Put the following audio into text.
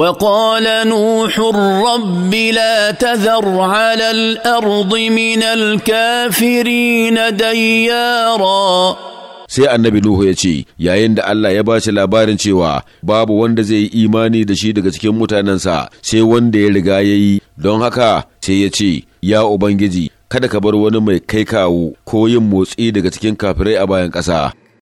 وقال نوح رب لا تذر على الارض من الكافرين ديارا sai annabi Nuhu ya ce yayin da Allah ya ba shi labarin cewa babu wanda zai yi imani da shi daga cikin mutanensa sai wanda ya riga ya yi don haka sai ya ce ya Ubangiji kada ka bar wani mai kai kawo ko yin motsi daga cikin kafirai a bayan ƙasa.